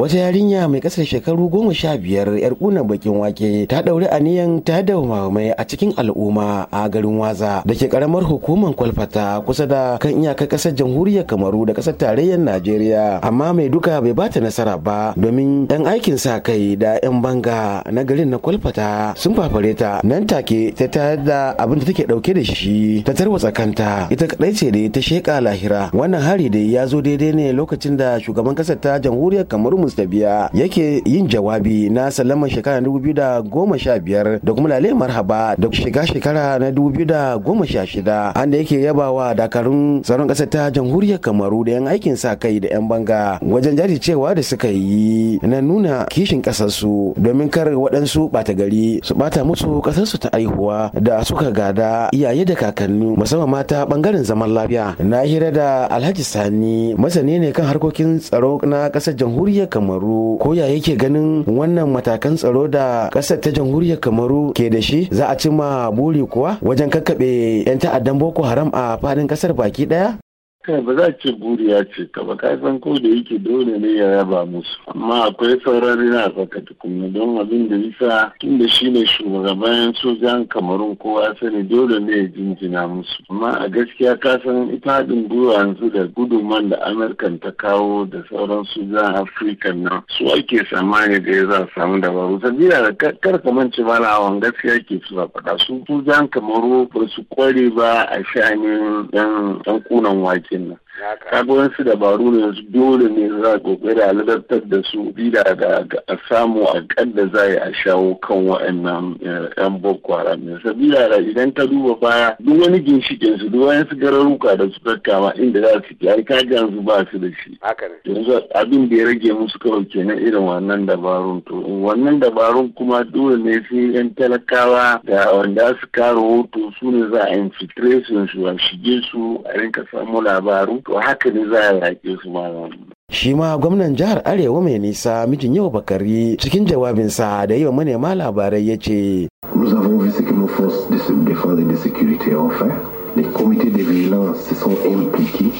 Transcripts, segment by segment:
wata yarinya mai kasar shekaru goma sha biyar yar kuna bakin wake ta ɗauri aniyan ta da a cikin al'umma a garin waza da ke karamar hukumar kwalfata kusa da kan iyakar kasar jamhuriyar kamaru da kasar tarayyar najeriya amma mai duka bai bata nasara ba domin yan aikin sa kai da yan banga na garin na kwalfata sun fafare ta nan take ta tayar da abin da take dauke da shi ta tarwatsa kanta ita kadai ce da ta sheka lahira wannan hari da ya zo daidai ne lokacin da shugaban kasar ta jamhuriyar kamaru Jamus da biya yake yin jawabi na sallaman shekara na biyar da kuma lale marhaba da shiga shekara na 2016 an da yake yabawa dakarun tsaron ƙasar ta jamhuriyar Kamaru da 'yan aikin sa kai da 'yan banga wajen cewa da suka yi na nuna kishin ƙasarsu domin kar waɗansu ɓata gari su ɓata musu ƙasarsu ta aihuwa da suka gada iyaye da kakanni musamman mata ɓangaren zaman lafiya na hira da Alhaji Sani masani ne kan harkokin tsaro na ƙasar jamhuriyar kamaru ko ya yake ganin wannan matakan tsaro da ƙasar ta jamhuriyar kamaru ke da shi za a cimma buri kuwa wajen kakkaɓe 'yan ta'addan boko haram a faɗin ƙasar baki ɗaya kai eh, ba za ce buriya ce ka ba ka san ko da yake dole ne ya raba musu amma akwai sauran rina saka tukunna don abin da bisa tun da shi ne shugaban sojan kamarun kowa sani dole ne ya jinjina musu amma a gaskiya ka san ita haɗin gwiwa yanzu da gudunman da amurkan ta kawo da sauran sojan afirka nan su ake tsammani da ya za a samu dabaru sabila da kar ka mance malawan gaskiya ke su a faɗa su sojan kamaru ba su kware ba a sha'anin dan kunan wake in kaga su dabaru ne dole ne za a kokari a ladattar da su bida da a samu a kadda za a shawo kan wa'annan yan eh, boko haram ne sabila da idan ta duba baya duk wani ginshikin su duk wani su da su kama inda za su ci ai kaga yanzu ba su da shi yanzu abin da ya rage musu kawai kenan irin wannan dabarun to wannan dabarun kuma dole ne sai yan talakawa da wanda su kare hoto su ne za a infiltrate su a shige su a rinka samu labaru to haka ne za a yaƙe su malam shi ma gwamnan jihar arewa mai nisa mijin yau bakari cikin jawabinsa da yi wa manema labarai ya ce Nous avons vu forces de défense et de sécurité fait. Les comités de vigilance se sont impliqués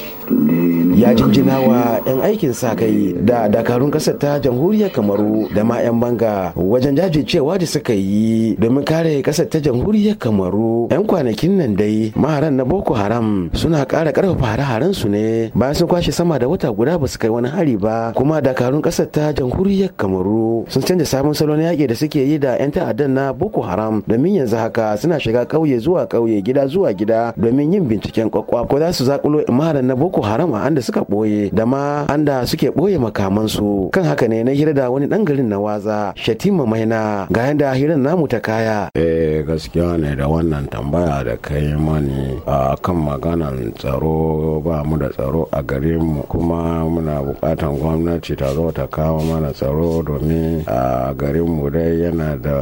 ya jinjina wa 'yan aikin sa kai da dakarun kasar ta jamhuriyar kamaru da ma 'yan banga wajen jajircewa da suka yi domin kare kasar ta jamhuriyar kamaru 'yan kwanakin nan dai maharan na boko haram suna ƙara ƙarfafa hare-haren su ne bayan sun kwashe sama da wata guda ba su kai wani hari ba kuma dakarun kasar ta jamhuriyar kamaru sun canza sabon salon yaƙi da suke yi da 'yan ta'addan na boko haram domin yanzu haka suna shiga ƙauye zuwa ƙauye gida zuwa gida domin yin binciken kwakwa ko za su zakulo maharan na boko boko haram a anda suka boye da ma anda suke ɓoye makamansu kan haka ne na hira da wani ɗan garin na waza shatima maina ga yanda hirin namu ta kaya eh gaskiya ne da wannan tambaya da kai mani a kan maganan tsaro ba mu da tsaro a gare mu kuma muna bukatan gwamnati ta zo ta kawo mana tsaro domin a garin mu dai yana da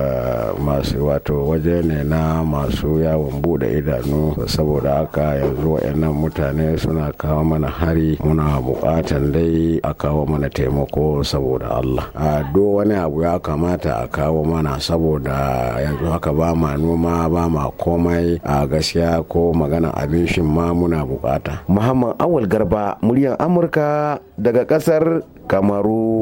masu wato waje ne na masu yawon bude idanu saboda haka yanzu wayannan mutane suna kawo mana hari muna buƙatan dai a kawo mana taimako saboda Allah a do wani abu ya kamata a kawo mana saboda yanzu haka ba ma noma ba ma komai a gaskiya ko magana abin shin ma muna buƙata Muhammad Awal Garba muryar Amurka daga ƙasar Kamaru